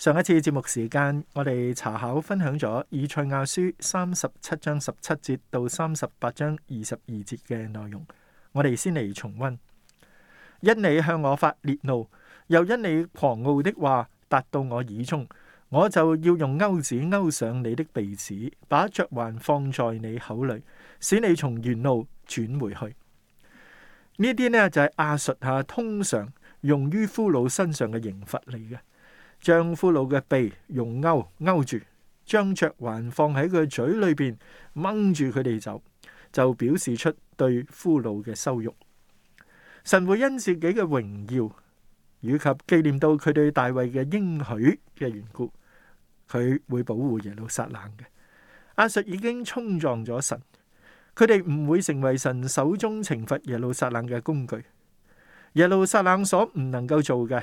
上一次節目時間，我哋查考分享咗以賽亞書三十七章十七節到三十八章二十二節嘅內容，我哋先嚟重溫。因你向我發烈怒，又因你狂傲的話達到我耳中，我就要用鈎子鉤上你的鼻子，把嚼環放在你口裏，使你從原路轉回去。呢啲呢，就係、是、亞述下通常用於俘虜身上嘅刑罰嚟嘅。將俘虜嘅鼻用勾勾住，將雀環放喺佢嘅嘴裏邊，掹住佢哋走，就表示出對俘虜嘅羞辱。神會因自己嘅榮耀以及紀念到佢對大衛嘅應許嘅緣故，佢會保護耶路撒冷嘅。亞述已經衝撞咗神，佢哋唔會成為神手中懲罰耶路撒冷嘅工具。耶路撒冷所唔能夠做嘅，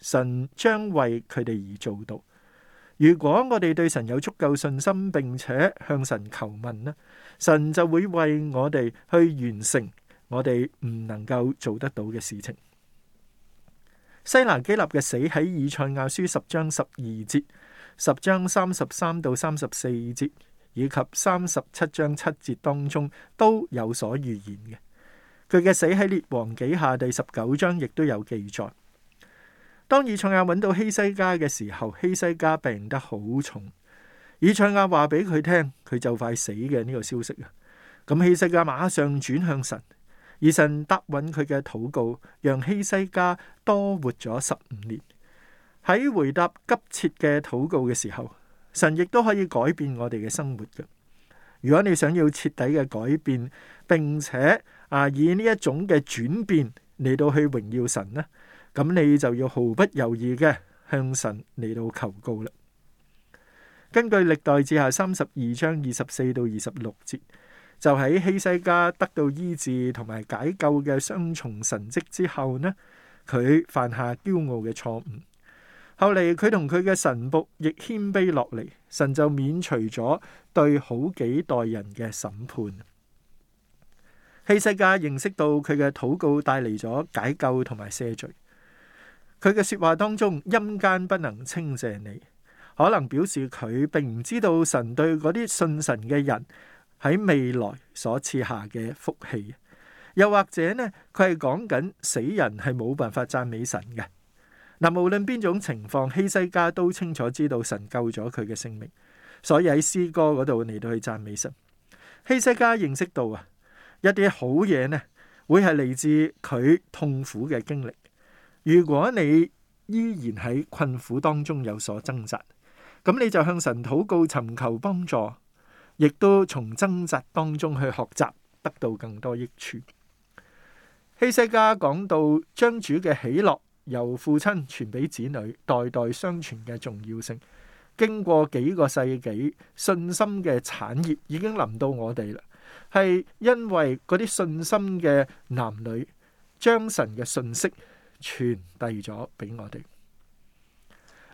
神將為佢哋而做到。如果我哋對神有足夠信心，並且向神求問呢，神就會為我哋去完成我哋唔能夠做得到嘅事情。西拿基立嘅死喺以賽亞書十章十二節、十章三十三到三十四節以及三十七章七節當中都有所預言嘅。佢嘅死喺列王紀下第十九章亦都有記載。當以賽亞搵到希西家嘅時候，希西家病得好重。以賽亞話俾佢聽，佢就快死嘅呢個消息啊！咁希西家馬上轉向神，以神答允佢嘅禱告，讓希西家多活咗十五年。喺回答急切嘅禱告嘅時候，神亦都可以改變我哋嘅生活嘅。如果你想要徹底嘅改變，並且啊以呢一種嘅轉變嚟到去榮耀神呢？咁你就要毫不猶豫嘅向神嚟到求告啦。根據歷代志下三十二章二十四到二十六節，就喺希西家得到醫治同埋解救嘅雙重神蹟之後呢，佢犯下驕傲嘅錯誤。後嚟佢同佢嘅神僕亦謙卑落嚟，神就免除咗對好幾代人嘅審判。希西家認識到佢嘅禱告帶嚟咗解救同埋赦罪。佢嘅說話當中，陰間不能稱謝你，可能表示佢並唔知道神對嗰啲信神嘅人喺未來所賜下嘅福氣，又或者呢，佢係講緊死人係冇辦法讚美神嘅。嗱，無論邊種情況，希西家都清楚知道神救咗佢嘅性命，所以喺詩歌嗰度嚟到去讚美神。希西家認識到啊，一啲好嘢呢，會係嚟自佢痛苦嘅經歷。如果你依然喺困苦當中有所掙扎，咁你就向神禱告，尋求幫助，亦都從掙扎當中去學習，得到更多益處。希西家講到將主嘅喜樂由父親傳俾子女，代代相傳嘅重要性。經過幾個世紀，信心嘅產業已經臨到我哋啦。係因為嗰啲信心嘅男女將神嘅信息。傳遞咗俾我哋。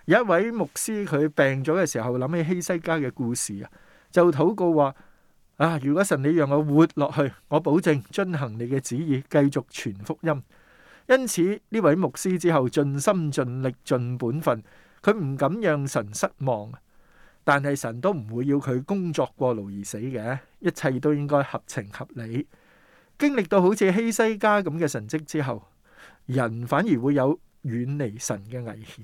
有一位牧師佢病咗嘅時候諗起希西家嘅故事啊，就禱告話：啊，如果神你讓我活落去，我保證遵行你嘅旨意，繼續傳福音。因此呢位牧師之後盡心盡力盡本分，佢唔敢讓神失望。但係神都唔會要佢工作過勞而死嘅，一切都應該合情合理。經歷到好似希西家咁嘅神蹟之後。人反而會有遠離神嘅危險。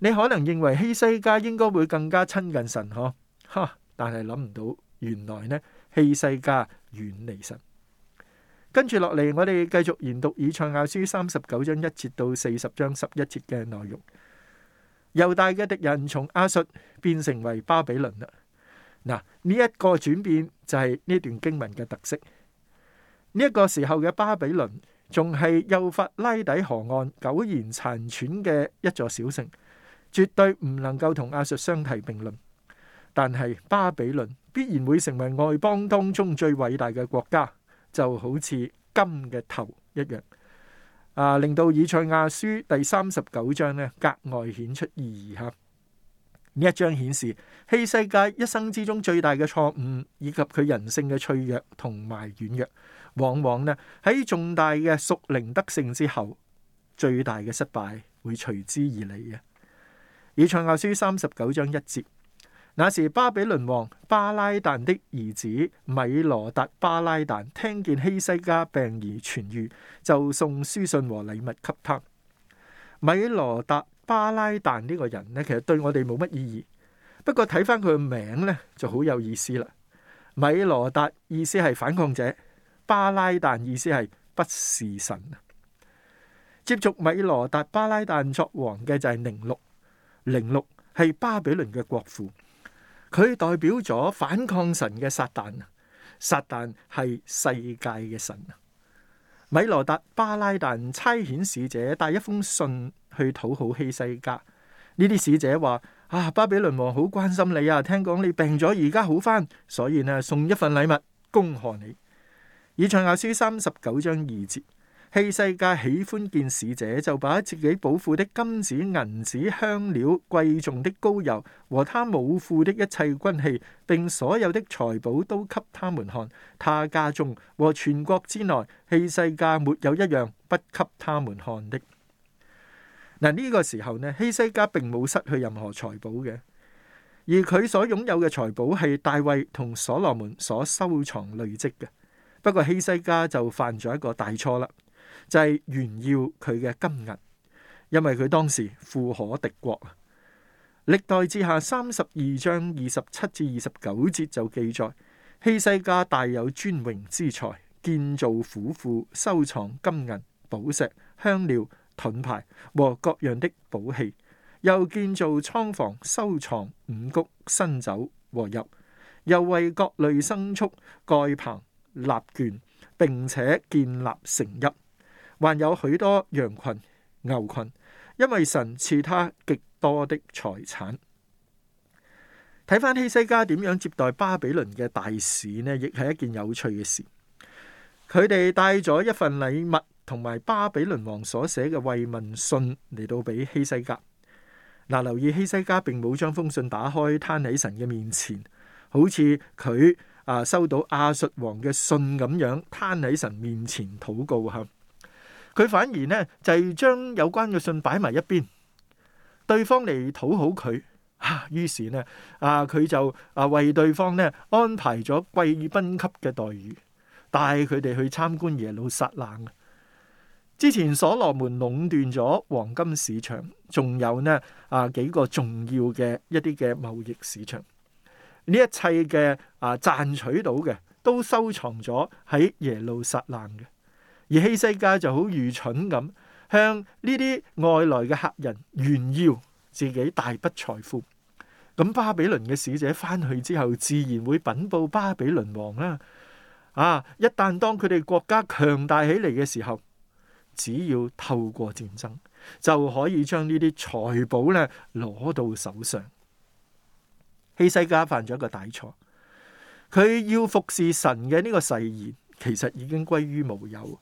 你可能認為希西家應該會更加親近神嗬，哈！但係諗唔到，原來呢，希西家遠離神。跟住落嚟，我哋繼續研讀以賽亞書三十九章一節到四十章十一節嘅內容。猶大嘅敵人從亞述變成為巴比倫啦。嗱，呢、這、一個轉變就係呢段經文嘅特色。呢、這、一個時候嘅巴比倫。仲係幼發拉底河岸苟延殘喘嘅一座小城，絕對唔能夠同亞述相提並論。但係巴比倫必然會成為外邦當中最偉大嘅國家，就好似金嘅頭一樣。啊，令到以賽亞書第三十九章呢格外顯出意義吓！呢一章顯示希西家一生之中最大嘅錯誤，以及佢人性嘅脆弱同埋軟弱。往往呢，喺重大嘅屬靈得勝之後，最大嘅失敗會隨之而嚟嘅。以賽亞書三十九章一節，那時巴比倫王巴拉旦的兒子米羅達巴拉旦聽見希西家病而痊愈，就送書信和禮物給他。米羅達巴拉旦呢個人呢，其實對我哋冇乜意義，不過睇翻佢嘅名呢，就好有意思啦。米羅達意思係反抗者。巴拉旦意思係不是神。接續米羅達巴拉旦作王嘅就係寧錄，寧錄係巴比倫嘅國父，佢代表咗反抗神嘅撒旦。撒旦係世界嘅神。米羅達巴拉旦差遣使者帶一封信去討好希西家，呢啲使者話：啊，巴比倫王好關心你啊！聽講你病咗，而家好返，所以呢送一份禮物恭賀你。以賽亞書三十九章二節，希西家喜歡見使者，就把自己寶庫的金子、銀子、香料、貴重的膏油和他武庫的一切軍器，並所有的財寶都給他們看。他家中和全國之內，希西家沒有一樣不給他們看的。嗱，呢、這個時候呢，希西家並冇失去任何財寶嘅，而佢所擁有嘅財寶係大衛同所羅門所收藏累積嘅。不過希西家就犯咗一個大錯啦，就係、是、炫耀佢嘅金銀，因為佢當時富可敵國啊。歷代志下三十二章二十七至二十九節就記載，希西家大有尊榮之財，建造府庫，收藏金銀、寶石、香料、盾牌和各樣的寶器，又建造倉房，收藏五穀、新酒和油，又為各類牲畜蓋棚。蓋立券，並且建立成邑，還有許多羊群、牛群，因為神賜他極多的財產。睇翻希西家點樣接待巴比倫嘅大使呢？亦係一件有趣嘅事。佢哋帶咗一份禮物，同埋巴比倫王所寫嘅慰問信嚟到俾希西家。嗱，留意希西家並冇將封信打開攤喺神嘅面前，好似佢。啊！收到亞述王嘅信咁樣，攤喺神面前禱告嚇，佢反而呢，就將有關嘅信擺埋一邊，對方嚟討好佢啊，於是呢，啊佢就啊為對方呢安排咗貴賓級嘅待遇，帶佢哋去參觀耶路撒冷。之前所羅門壟斷咗黃金市場，仲有呢啊幾個重要嘅一啲嘅貿易市場。呢一切嘅啊賺取到嘅，都收藏咗喺耶路撒冷嘅。而希西家就好愚蠢咁，向呢啲外來嘅客人炫耀自己大筆財富。咁巴比倫嘅使者翻去之後，自然會稟報巴比倫王啦。啊，一旦當佢哋國家強大起嚟嘅時候，只要透過戰爭就可以將呢啲財寶咧攞到手上。希西家犯咗一個大錯，佢要服侍神嘅呢個誓言，其實已經歸於無有。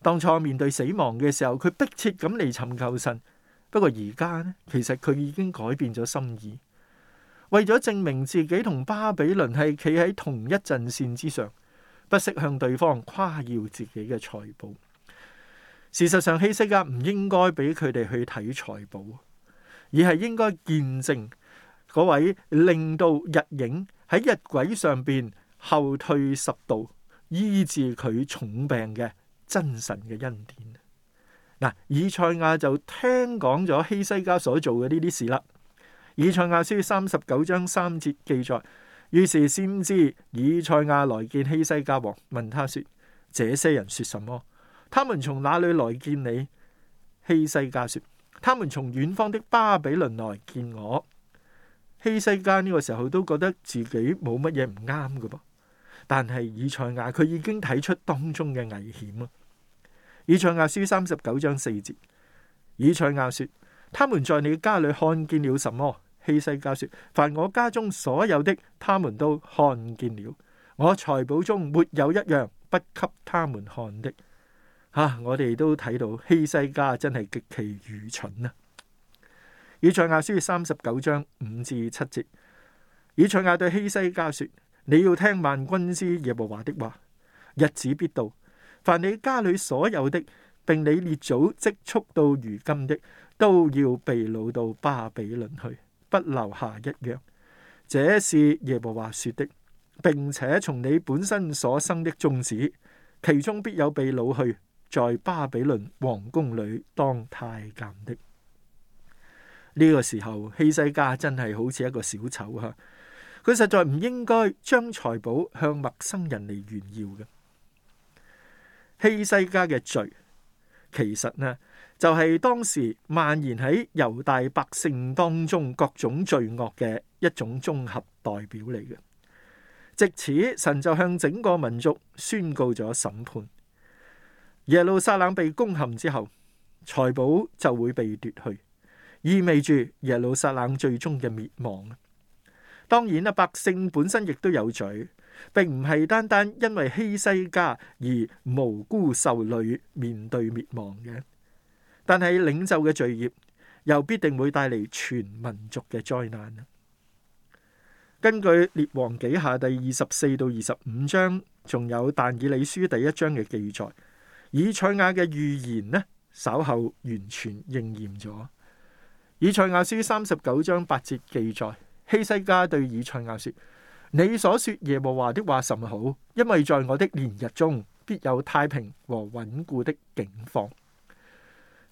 當初面對死亡嘅時候，佢迫切咁嚟尋求神。不過而家呢，其實佢已經改變咗心意，為咗證明自己同巴比倫係企喺同一陣線之上，不惜向對方誇耀自己嘅財寶。事實上，希西家唔應該俾佢哋去睇財寶，而係應該見證。嗰位令到日影喺日軌上邊後退十度，醫治佢重病嘅真神嘅恩典。嗱，以賽亞就聽講咗希西家所做嘅呢啲事啦。以賽亞書三十九章三節記載，於是先知以賽亞來見希西家王，問他說：這些人說什麼？他們從哪裏來見你？希西家說：他們從遠方的巴比倫來見我。希西家呢個時候都覺得自己冇乜嘢唔啱㗎噃，但係以賽亞佢已經睇出當中嘅危險咯。以賽亞書三十九章四節，以賽亞說：他們在你家裏看見了什麼？希西家說：凡我家中所有的，他們都看見了，我財寶中沒有一樣不給他們看的。吓、啊，我哋都睇到希西家真係極其愚蠢啊！以賽亞書三十九章五至七節，以賽亞對希西家說：你要聽萬軍之耶和華的話，日子必到，凡你家裏所有的，並你列祖積蓄到如今的，都要被擄到巴比倫去，不留下一樣。這是耶和華說的，並且從你本身所生的宗子，其中必有被擄去，在巴比倫王宮裏當太監的。呢個時候，希西家真係好似一個小醜吓，佢實在唔應該將財寶向陌生人嚟炫耀嘅。希西家嘅罪，其實呢就係、是、當時蔓延喺猶大百姓當中各種罪惡嘅一種綜合代表嚟嘅。藉此，神就向整個民族宣告咗審判，耶路撒冷被攻陷之後，財寶就會被奪去。意味住耶路撒冷最終嘅滅亡啊！當然啊，百姓本身亦都有罪，並唔係單單因為希西家而無辜受累，面對滅亡嘅。但係領袖嘅罪業又必定會帶嚟全民族嘅災難。根據《列王紀下》第二十四到二十五章，仲有《但以理書》第一章嘅記載，以賽亞嘅預言呢，稍後完全應驗咗。以賽亞書三十九章八節記載，希西家對以賽亞說： 你所說耶和華的話甚好，因為在我的年日中必有太平和穩固的境況。 」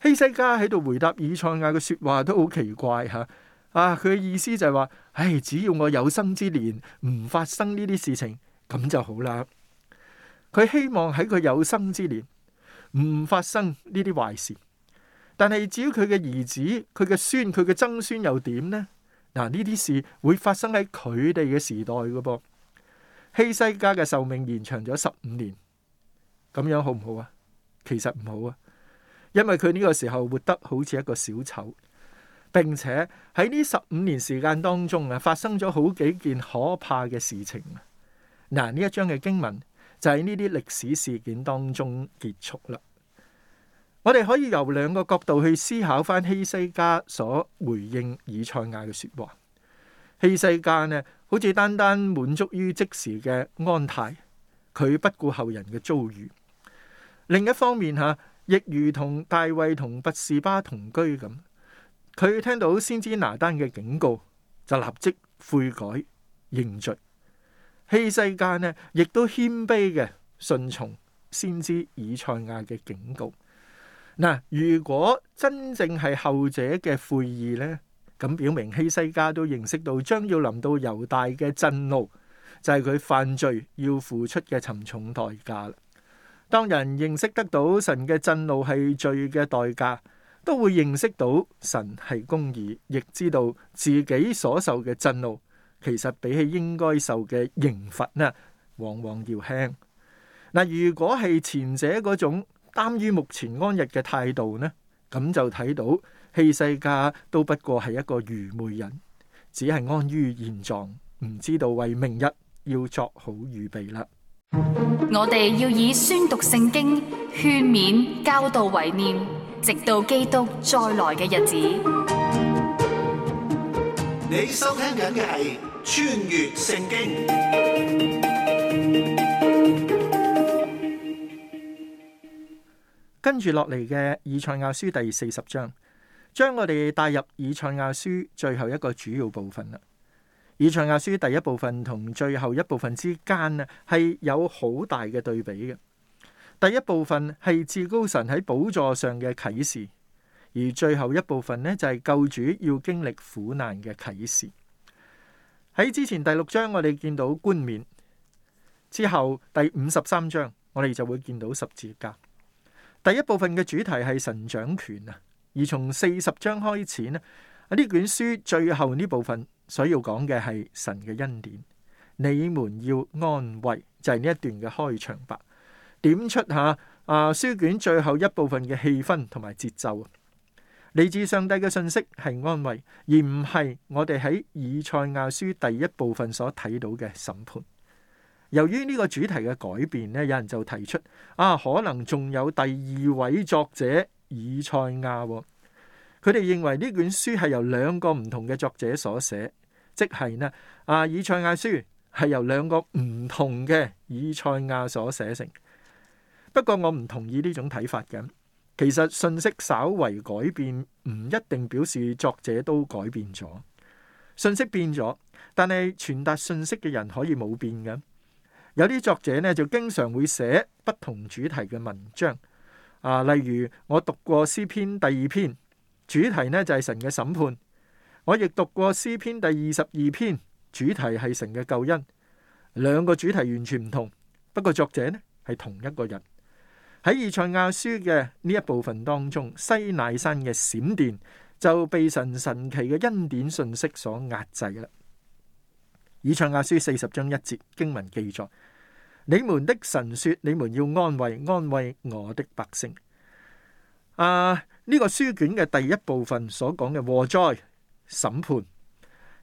希西家喺度回答以賽亞嘅說話都好奇怪吓，啊佢嘅意思就係話，唉、哎，只要我有生之年唔發生呢啲事情，咁就好啦。佢希望喺佢有生之年唔發生呢啲壞事。但係至於佢嘅兒子、佢嘅孫、佢嘅曾孫又點呢？嗱，呢啲事會發生喺佢哋嘅時代噶噃。希西家嘅壽命延長咗十五年，咁樣好唔好啊？其實唔好啊，因為佢呢個時候活得好似一個小丑，並且喺呢十五年時間當中啊，發生咗好幾件可怕嘅事情啊。嗱，呢一章嘅經文就喺呢啲歷史事件當中結束啦。我哋可以由兩個角度去思考翻希西家所回應以賽亞嘅說話。希西家呢，好似單單滿足於即時嘅安泰，佢不顧後人嘅遭遇；另一方面吓、啊，亦如同大衛同拔士巴同居咁，佢聽到先知拿單嘅警告就立即悔改認罪。希西家呢，亦都謙卑嘅順從先知以賽亞嘅警告。嗱，如果真正係後者嘅悔意呢，咁表明希西家都認識到將要臨到猶大嘅震怒，就係佢犯罪要付出嘅沉重代價啦。當人認識得到神嘅震怒係罪嘅代價，都會認識到神係公義，亦知道自己所受嘅震怒其實比起應該受嘅刑罰呢，往往要輕。嗱，如果係前者嗰種，耽於目前安逸嘅態度呢，咁就睇到希西家都不過係一個愚昧人，只係安於現狀，唔知道為明日要作好預備啦。我哋要以宣讀聖經、勸勉、教導為念，直到基督再來嘅日子。你收聽緊嘅係《穿越聖經》。跟住落嚟嘅以賽亞書第四十章，將我哋帶入以賽亞書最後一個主要部分啦。以賽亞書第一部分同最後一部分之間呢，係有好大嘅對比嘅。第一部分係至高神喺寶座上嘅啟示，而最後一部分呢，就係救主要經歷苦難嘅啟示。喺之前第六章，我哋見到冠冕，之後第五十三章我哋就會見到十字架。第一部分嘅主題係神掌權啊，而從四十章開始咧，呢卷書最後呢部分所要講嘅係神嘅恩典。你們要安慰，就係、是、呢一段嘅開場白，點出下啊書卷最後一部分嘅氣氛同埋節奏啊，嚟自上帝嘅信息係安慰，而唔係我哋喺以賽亞書第一部分所睇到嘅審判。由於呢個主題嘅改變咧，有人就提出啊，可能仲有第二位作者以賽亞。佢哋認為呢卷書係由兩個唔同嘅作者所寫，即係呢啊以賽亞書係由兩個唔同嘅以賽亞所寫成。不過，我唔同意呢種睇法嘅。其實信息稍為改變，唔一定表示作者都改變咗。信息變咗，但係傳達信息嘅人可以冇變嘅。有啲作者咧就經常會寫不同主題嘅文章，啊，例如我讀過詩篇第二篇，主題呢就係、是、神嘅審判；我亦讀過詩篇第二十二篇，主題係神嘅救恩。兩個主題完全唔同，不過作者呢係同一個人。喺以賽亞書嘅呢一部分當中，西奈山嘅閃電就被神神奇嘅恩典信息所壓制啦。以賽亞書四十章一節經文記載：你們的神說，你們要安慰安慰我的百姓。啊，呢、這個書卷嘅第一部分所講嘅禍災審判，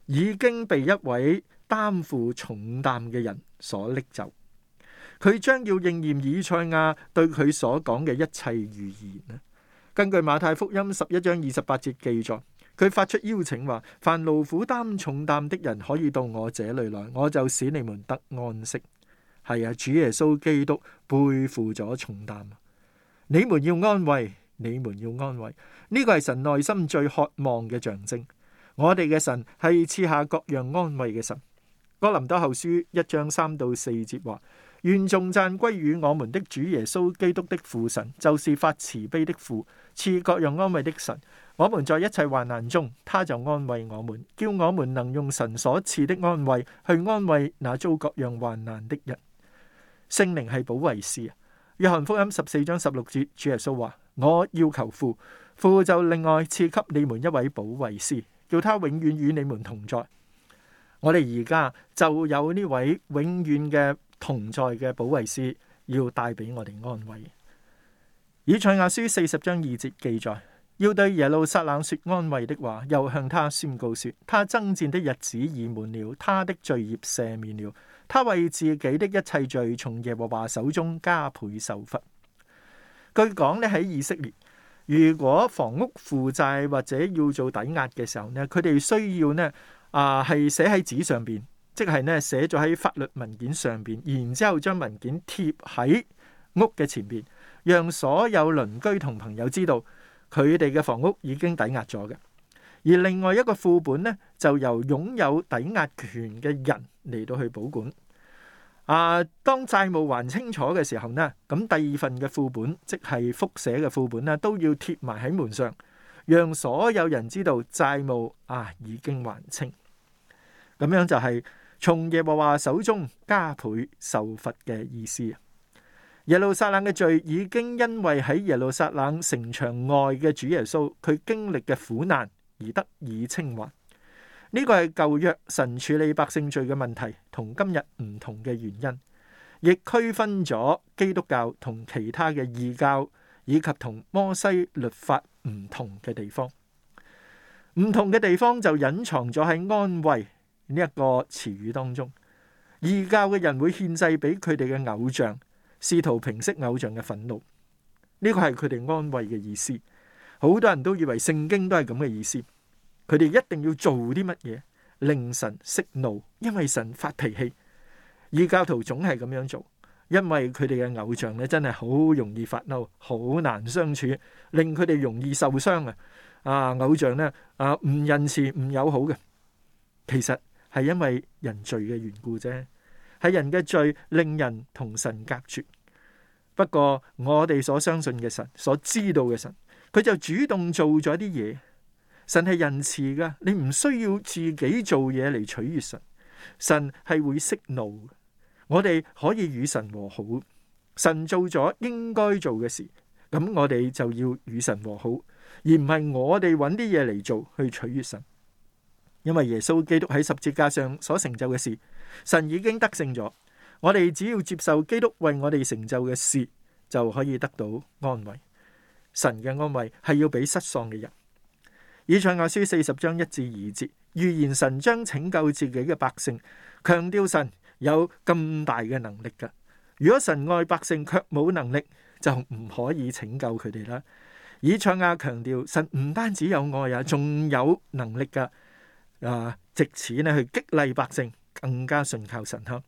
已經被一位擔負重擔嘅人所拎走。佢將要應驗以賽亞對佢所講嘅一切預言。根據馬太福音十一章二十八節記載。佢發出邀請，話，凡勞苦擔重擔的人可以到我這裏來，我就使你們得安息。係啊，主耶穌基督背負咗重擔，你們要安慰，你們要安慰。呢、這個係神內心最渴望嘅象徵。我哋嘅神係賜下各樣安慰嘅神。哥林多後書一章三到四節話。願頌讚歸與我們的主耶穌基督的父神，就是發慈悲的父，賜各樣安慰的神。我們在一切患難中，他就安慰我們，叫我們能用神所賜的安慰去安慰那遭各樣患難的人。聖靈係保惠師。約翰福音十四章十六節，主耶穌話：我要求父，父就另外賜給你們一位保惠師，叫他永遠與你們同在。我哋而家就有呢位永遠嘅。同在嘅保惠師要帶俾我哋安慰。以賽亞書四十章二節記載：要對耶路撒冷說安慰的話，又向他宣告說：他爭戰的日子已滿了，他的罪孽赦免了。他為自己的一切罪從耶和華手中加倍受罰。據講呢，喺以色列，如果房屋負債或者要做抵押嘅時候呢，佢哋需要呢啊，係寫喺紙上面。即係呢，寫咗喺法律文件上面，然之後將文件貼喺屋嘅前面，讓所有鄰居同朋友知道佢哋嘅房屋已經抵押咗嘅。而另外一個副本呢，就由擁有抵押權嘅人嚟到去保管。啊，當債務還清楚嘅時候呢，咁第二份嘅副本，即係複寫嘅副本呢，都要貼埋喺門上，讓所有人知道債務啊已經還清。咁樣就係、是。從耶和華手中加倍受罰嘅意思，耶路撒冷嘅罪已經因為喺耶路撒冷城牆外嘅主耶穌佢經歷嘅苦難而得以清還。呢個係舊約神處理百姓罪嘅問題同今日唔同嘅原因，亦區分咗基督教同其他嘅異教以及同摩西律法唔同嘅地方。唔同嘅地方就隱藏咗喺安慰呢一個詞語當中，異教嘅人會獻祭俾佢哋嘅偶像，試圖平息偶像嘅憤怒。呢個係佢哋安慰嘅意思。好多人都以為聖經都係咁嘅意思，佢哋一定要做啲乜嘢令神息怒，因為神發脾氣。異教徒總係咁樣做，因為佢哋嘅偶像咧真係好容易發嬲，好難相處，令佢哋容易受傷啊！啊，偶像咧啊唔仁慈唔友好嘅，其實。係因為人罪嘅緣故啫，係人嘅罪令人同神隔絕。不過我哋所相信嘅神，所知道嘅神，佢就主動做咗啲嘢。神係仁慈噶，你唔需要自己做嘢嚟取悅神。神係會息怒，我哋可以與神和好。神做咗應該做嘅事，咁我哋就要與神和好，而唔係我哋揾啲嘢嚟做去取悅神。因為耶穌基督喺十字架上所成就嘅事，神已經得勝咗。我哋只要接受基督為我哋成就嘅事，就可以得到安慰。神嘅安慰係要俾失喪嘅人。以賽亞書四十章一至二節，預言神將拯救自己嘅百姓，強調神有咁大嘅能力㗎。如果神愛百姓卻冇能力，就唔可以拯救佢哋啦。以賽亞強調神唔單止有愛啊，仲有能力㗎。啊！藉此呢去激勵百姓更加信靠神哈。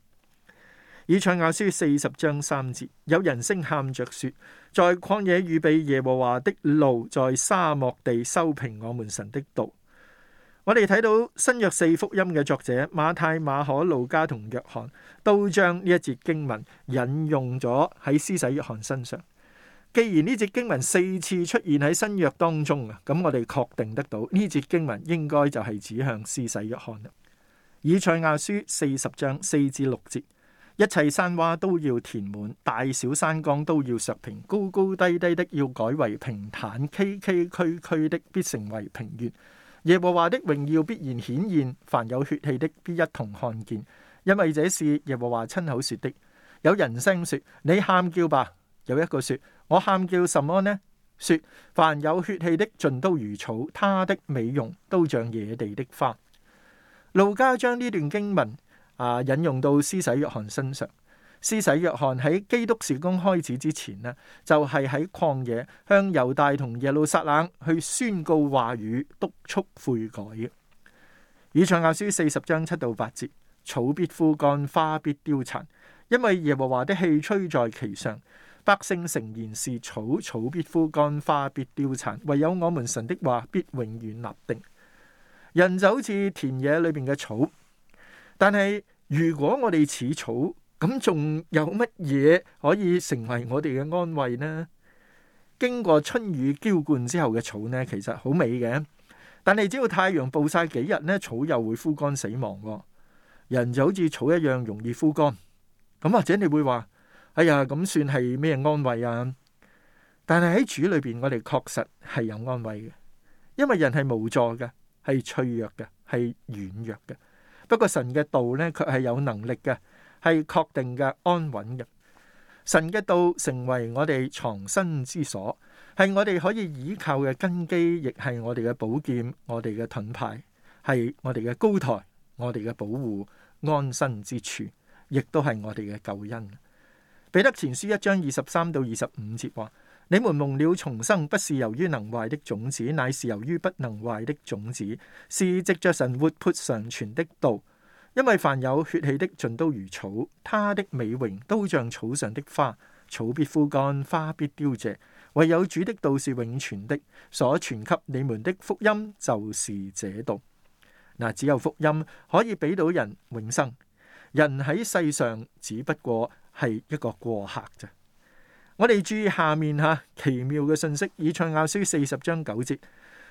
以賽亞書四十章三節，有人聲喊着說：在曠野預備耶和華的路，在沙漠地修平我們神的道。我哋睇到新約四福音嘅作者馬太、馬可、路加同約翰，都將呢一節經文引用咗喺施洗約翰身上。既然呢節經文四次出現喺新約當中啊，咁我哋確定得到呢節經文應該就係指向施洗約翰啦。以賽亞書四十章四至六節，一切山洼都要填滿，大小山崗都要削平，高高低低的要改為平坦，崎崎嶇嶇的必成為平原。耶和華的榮耀必然顯現，凡有血氣的必一同看見，因為這是耶和華親口說的。有人聲說：你喊叫吧。有一個說：我喊叫什麼呢？說凡有血氣的，盡都如草，他的美容都像野地的花。路加將呢段經文啊引用到施洗約翰身上。施洗約翰喺基督事工開始之前呢，就係、是、喺曠野向猶大同耶路撒冷去宣告話語，督促悔改。以賽亞書四十章七到八節：草必枯乾，花必凋殘，因為耶和華的氣吹在其上。百姓誠然是草，草必枯乾，花必凋殘。唯有我們神的話必永遠立定。人就好似田野裏面嘅草，但係如果我哋似草，咁仲有乜嘢可以成為我哋嘅安慰呢？經過春雨澆灌之後嘅草呢，其實好美嘅，但係只要太陽暴曬幾日呢，草又會枯乾死亡。人就好似草一樣容易枯乾。咁或者你會話，哎呀，咁算係咩安慰啊？但係喺主裏邊，我哋確實係有安慰嘅，因為人係無助嘅，係脆弱嘅，係軟弱嘅。不過神嘅道呢，佢係有能力嘅，係確定嘅，安穩嘅。神嘅道成為我哋藏身之所，係我哋可以倚靠嘅根基，亦係我哋嘅寶劍、我哋嘅盾牌，係我哋嘅高臺、我哋嘅保護、安身之處，亦都係我哋嘅救恩。彼得前書一章二十三到二十五節話：你們蒙了重生不是由於能壞的種子，乃是由於不能壞的種子，是藉着神活潑常存的道。因為凡有血氣的，盡都如草，他的美榮都像草上的花，草必枯乾，花必凋謝；唯有主的道是永存的。所傳給你們的福音就是這道。嗱，只有福音可以俾到人永生。人喺世上只不過。係一個過客啫。我哋注意下面吓、啊、奇妙嘅信息，以賽亞書四十章九節，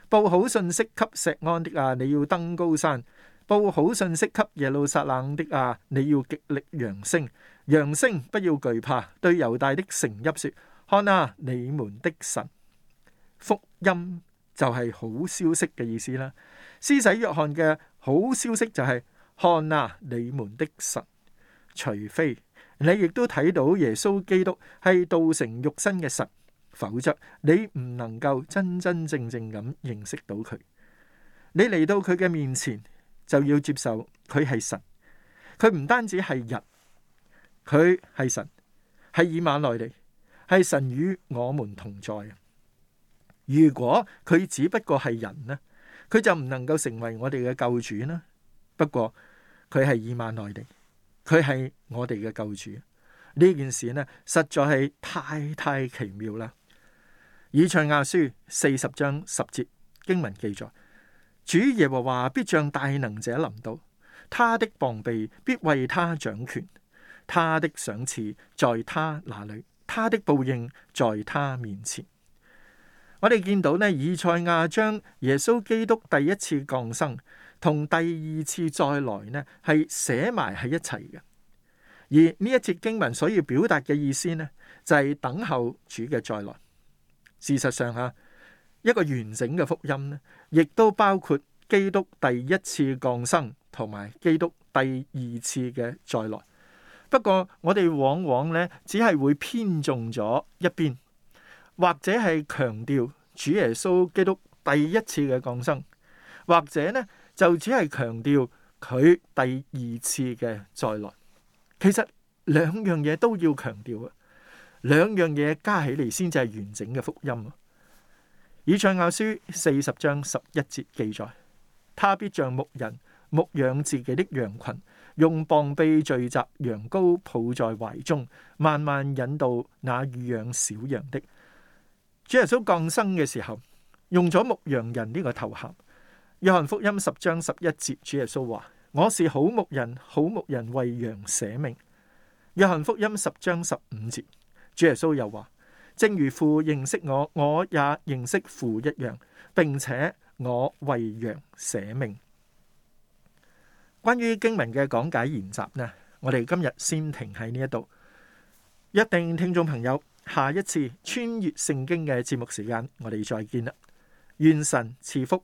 報好信息給錫安的啊，你要登高山；報好信息給耶路撒冷的啊，你要極力揚聲。揚聲不要懼怕，對猶大的城邑說：看啊，你們的神。福音就係好消息嘅意思啦。施洗約翰嘅好消息就係、是、看啊，你們的神，除非。你亦都睇到耶穌基督係道成肉身嘅神，否則你唔能夠真真正正咁認識到佢。你嚟到佢嘅面前就要接受佢係神，佢唔單止係人，佢係神，係以馬內利，係神與我們同在。如果佢只不過係人呢，佢就唔能夠成為我哋嘅救主啦。不過佢係以馬內利。佢係我哋嘅救主，呢件事呢實在係太太奇妙啦。以賽亞書四十章十節經文記載：主耶和華必像大能者臨到，他的膀臂必為他掌權，他的賞賜在他那裏，他的報應在他面前。我哋見到呢，以賽亞將耶穌基督第一次降生。同第二次再來呢，係寫埋喺一齊嘅。而呢一節經文所要表達嘅意思呢，就係等候主嘅再來。事實上吓，一個完整嘅福音呢，亦都包括基督第一次降生同埋基督第二次嘅再來。不過我哋往往呢，只係會偏重咗一邊，或者係強調主耶穌基督第一次嘅降生，或者呢，就只係強調佢第二次嘅再來，其實兩樣嘢都要強調啊！兩樣嘢加起嚟先至係完整嘅福音啊！以賽亞書四十章十一節記載：他必像牧人牧養自己的羊群，用膀臂聚集羊羔，抱在懷中，慢慢引導那乳養小羊的。主耶穌降生嘅時候，用咗牧羊人呢個頭銜。約翰福音十章十一節，主耶穌話：我是好牧人，好牧人為羊捨命。約翰福音十章十五節，主耶穌又話：正如父認識我，我也認識父一樣，並且我為羊捨命。關於經文嘅講解研習呢，我哋今日先停喺呢一度。約定聽眾朋友，下一次穿越聖經嘅節目時間，我哋再見啦。願神賜福。